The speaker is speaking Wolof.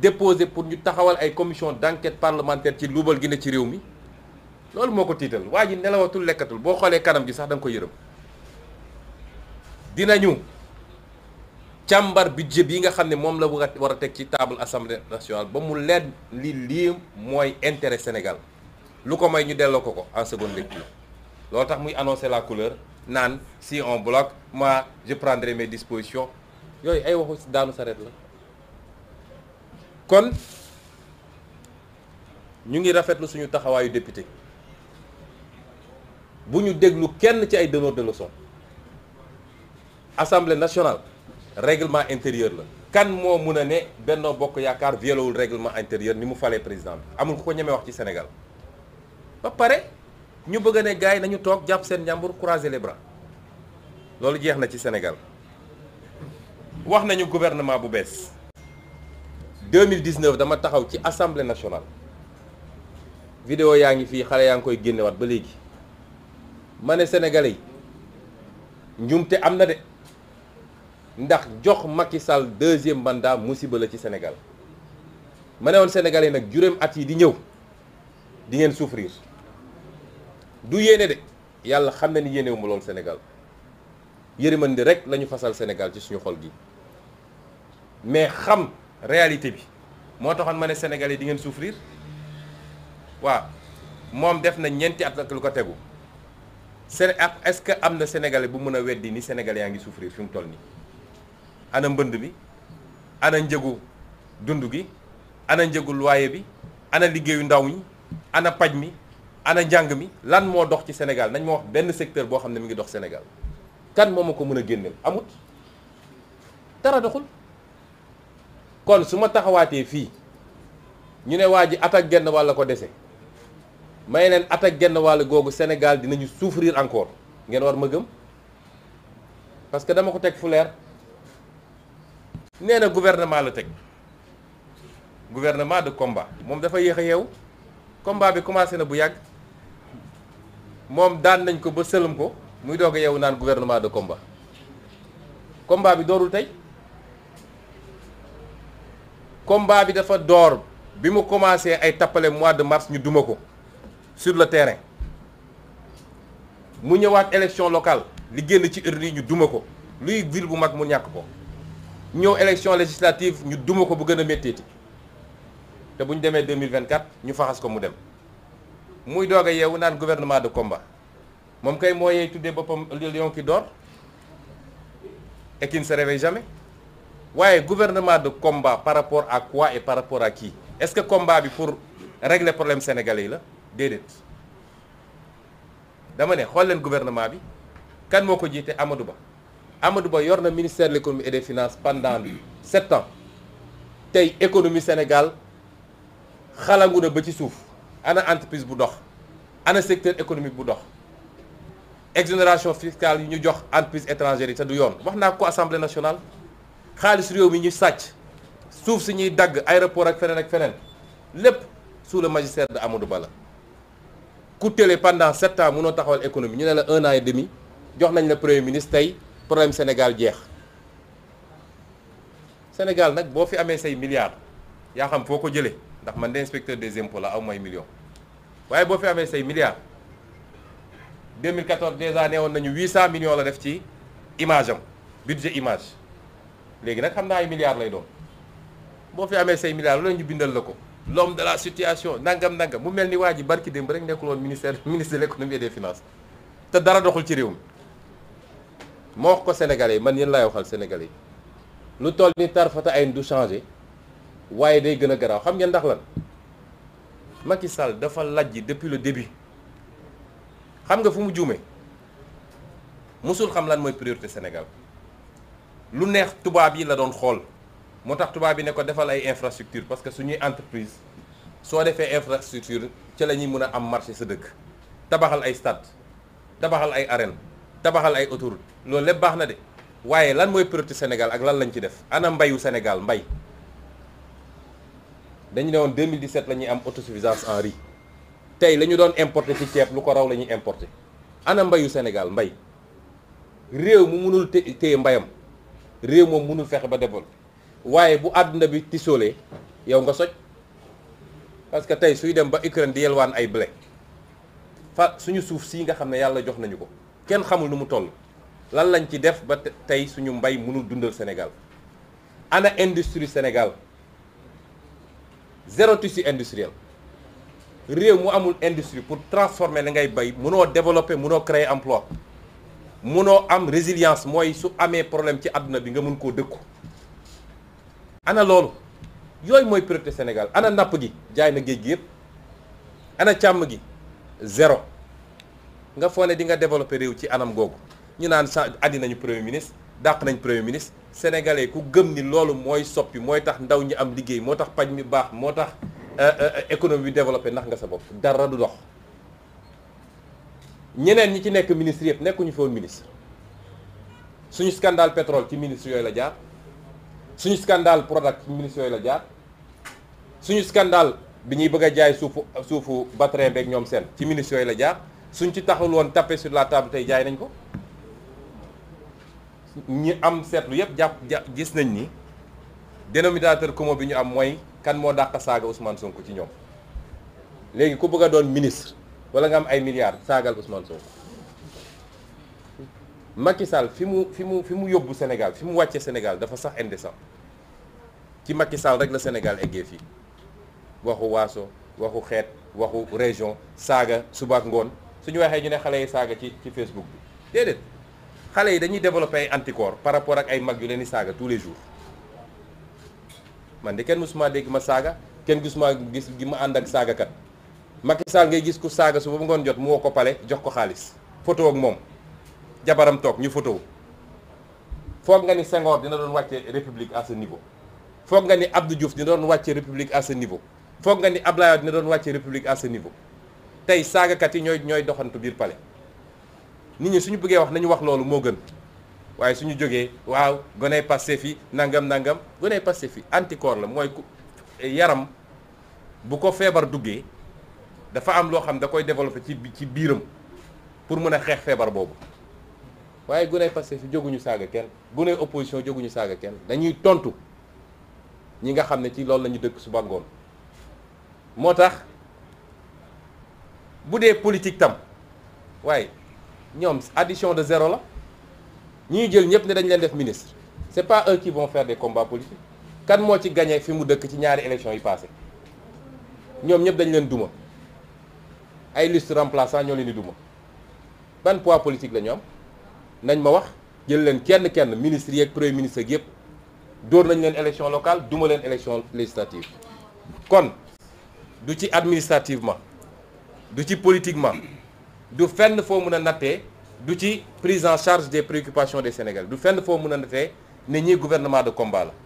déposé pour ñu taxawal ay commission d'enquête parlementaire ci luubal gi ne ci réew mi loolu moo ko tiital waa ji nelawatul lekkatul boo xoolee kanam gi sax da nga ko yërëm dinañu càmbar budget bi nga xam ne moom la war a teg ci table assemblée nationale ba mu leen li lii mooy intérêt Sénégal lu ko may ñu delloo ko ko en seconde lecture loo tax muy annoncer la couleur naan si on bloque moi je prendrai mes dispositions yooyu ay waxu daanu saret la kon ñu ngi rafetlu suñu taxawaayu député bu ñu déglu kenn ci ay donneur de leçon assemblée nationale règlement intérieur la kan moo mun a ne Benno Bokk Yaakaar violewul règlement intérieur ni mu falee président bi amul ku ko ñemee wax ci Sénégal ba pare ñu bëgg a ne gars yi nañu toog jàpp seen njàmbur croiser les bras loolu jeex na ci Sénégal wax nañu gouvernement bu bees 2019 dama taxaw ci assemblée nationale vidéo yaa ngi fii xale yaa ngi koy génnewaat ba léegi ma ne sénégalais yi njumte am na de ndax jox Macky Sall deuxième mandat musiba la ci senegal ma ne woon sénégalais nag juróom at yi di ñëw di ngeen souffrir du yéene de yàlla xam na ni yéenewu ma loolu Sénégal yërëmandi rek la ñu fasal Sénégal ci suñu xol gi mais xam. réalité bi moo taxoon ma ne sénégalais di ngeen souffrir waaw moom def na ñeenti at ak lu ko tegu Séné est-ce que am na sénégalais bu mën a weddi ni senegal yaa ngi souffrir fi mu toll nii ana mbënd bi ana njëgu dund gi ana njëgu loyer bi ana liggéeyu ndaw mi ana paj mi ana njàng mi lan moo dox ci senegal nañ moo wax benn secteur boo xam ne mu ngi dox senegal kan moo ma ko mën a génneel amut dara doxul. kon su ma taxawaatee fii ñu ne waa ji at ak genn wàll ko dese may leen at ak genn wàll googu Sénégal dinañu souffrir encore ngeen war ma gëm parce que dama ko teg fu leer nee na gouvernement la teg gouvernement de combat moom dafa yéex a yeew combat bi commencé na bu yàgg moom daan nañ ko ba sëlëm ko muy doog a yeewu naan gouvernement de combat combat bi doorul tey combat bi dafa door bi mu commencé ay tappale mois de mars ñu duma ko sur le terrain mu ñëwaat élection locale li génn ci urne yi ñu duma ko luy ville bu mag mu ñàkk ko ñëw élection législative ñu duma ko bu gën a métteeti te bu ñu demee 2024 ñu faxas ko mu dem muy doog a yeewu naan gouvernement de combat moom kay mooyee tuddee boppam le lion qui dort et qui ne jamais waaye gouvernement de combat par rapport à quoi et par rapport à qui est-ce que combat bi pour régler problème sénégalais yi la déedéet dama ne xool leen gouvernement bi kan moo ko jiite amadu Ba amadu Ba yor na ministère de l'économie et des finances pendant sept ans tey économie Sénégal xalangu na ba ci suuf ana entreprise bu dox ana secteur économique bu dox exonération fiscale yi ñu jox entreprise étrangère yi te du yoon wax naa ko assemblée nationale xaalis réew mi ñu sàcc suuf si ñuy dagg aéroport ak feneen ak feneen lépp sous le magistère de Amadou Ba la ku télé pendant sept ans taxawal économie ñu ne la un an demi jox nañ la premier ministre tey problème Sénégal jeex Sénégal nag boo fi amee say milliards yaa xam foo ko jëlee ndax man de inspecteur des impôts la aw may million waaye boo fi amee say milliards 2014 déjà neewoon nañu cent millions la def ci image am budget image léegi nag xam naa ay milliards lay doon boo fi amee say milliards loolu ñu bindal la ko l'homme de la situation nangam nangam mu mel ni waa ji barki démb rek nekkul woon ministère ministre de l'économie et des te dara doxul ci réew mi moo wax ko sénégalais man yéen lay waxal sénégalais lu toll ni tarfata ay du changé waaye day gën a garaaw xam ngeen ndax lan Macky Sall dafa lajj depuis le début xam nga fu mu juume musul xam lan mooy priorité Sénégal lu neex tubaab yi la doon xool moo tax tubaab yi ne ko defal ay infrastructure parce que suñuy entreprise soo defee infrastructure ci la ñuy mën a am marché sa dëkk tabaxal ay stade tabaxal ay arène tabaxal ay autoroute loolu lépp baax na de waaye lan mooy priorité Sénégal ak lan lañ ci def ana mbayu Sénégal mbay dañu ne woon 2017 la ñuy am autosuffisance en riz tey la ñu doon importer ci ceeb lu ko raw la ñuy importer ana mbayu Sénégal mbay réew mu mënul téye mbayam réew moom mënul fexe ba développé waaye bu àdduna bi tisoolee yow nga soj parce que tey suy dem ba Ukraine di yelwaan ay blé fa suñu suuf sii nga xam ne yàlla jox nañu ko kenn xamul nu mu toll lan lañ ci def ba tey suñu mbay mënul dundal Sénégal ana industrie Sénégal zéro tissu industriel réew mu amul industrie pour transformer dangay bay mënoo développer mënoo créer emploi munoo am résilience mooy su amee problème ci àdduna bi nga mën koo dëkku ana loolu yooyu mooy priorité Sénégal ana napp gi jaay na géej gi yëpp ana càmm gi zéro nga foo dinga di développé réew ci anam googu ñu naan sa addi nañu premier ministre dàq nañ premier ministre sénégalais ku gëm ni loolu mooy soppi mooy tax ndaw ñi am liggéey moo tax paj mi baax moo tax euh, euh, économie bi développé ndax nga sa bopp dara du dox ñeneen ñi ci nekk ministre yëpp nekkuñu fa woon ministre suñu scandale petrol ci ministre yooyu la jaar suñu skandaal Prodac ci ministre la jaar suñu scandale bi ñuy bëgg a jaay suufu suufu Batrin beeg ñoom seen ci ministre yooyu la jaar suñ ci taxul woon tapé sur la table tey jaay nañ ko ñi am seetlu yëpp jàpp gis nañ ni dénominateur commun bi ñu am mooy kan moo dàq saaga Ousmane Sonko ci ñoom léegi ku bëgg a doon ministre wala nga am ay milliards saagal Ousmane Sonko Macky Sall fi mu fi mu fi mu yóbbu Sénégal fi mu wàcce Sénégal dafa sax indécent ci makki Sall rek la Sénégal eggee fii waxu waaso waxu xeet waxu région saaga suba ak ngoon suñu waxee ñu ne xale yi saaga ci ci Facebook bi déedéet xale yi dañuy développé ay anticorps par rapport ak ay mag yu leen di saaga tous les jours man de kenn mësuma dégg ma saaga kenn gisuma gis gi ma ànd ak saagakat Macky Sall ngay gis ku saaga su ba ngoon jot moo ko pale jox ko xaalis photo ak moom jabaram toog ñu photo foog nga ni Senghor dina doon wàcce république à ce niveau foog nga ni Abdou Diouf dina doon wàcce république à ce niveau foog nga ni Abdoulaye dina doon wàcce république à ce niveau tey saagakat yi ñooy ñooy doxantu biir pale nit ñi suñu buggee wax nañu wax loolu moo gën waaye su ñu jógee waaw goney Pastef yi nangam nangam goney Pastef yi anticorps la mooy yaram bu ko feebar duggee dafa am loo xam da koy développé ci ci biiram pour mën a xeex feebar boobu waaye guney Pastef fi jóguñu saaga kenn guney opposition jóguñu saaga kenn dañuy tontu ñi nga xam ne ci loolu la ñu dëkk suba ngoon moo tax bu dee politique tam waaye ñoom addition de zéro la ñuy jël ñëpp ne dañ leen def ministre c'est pas eux qui vont faire des combats moo ci gagné fi mu dëkk ci ñaari élection yi passé ñoom ñëpp dañ leen duma ay liste remplaçant ñoo leen di duma ban pois politique la ñu am nañ ma wax jël leen kenn kenn ministre yeeg premier ministre yëpp dóor nañ leen élection locale duma leen élection législative kon du ci administrativement du ci politiquement du fenn foo mën a nattee du ci prise en charge des préoccupations de Sénégalais du fenn foo mën a nattee ne ñii gouvernement de combat la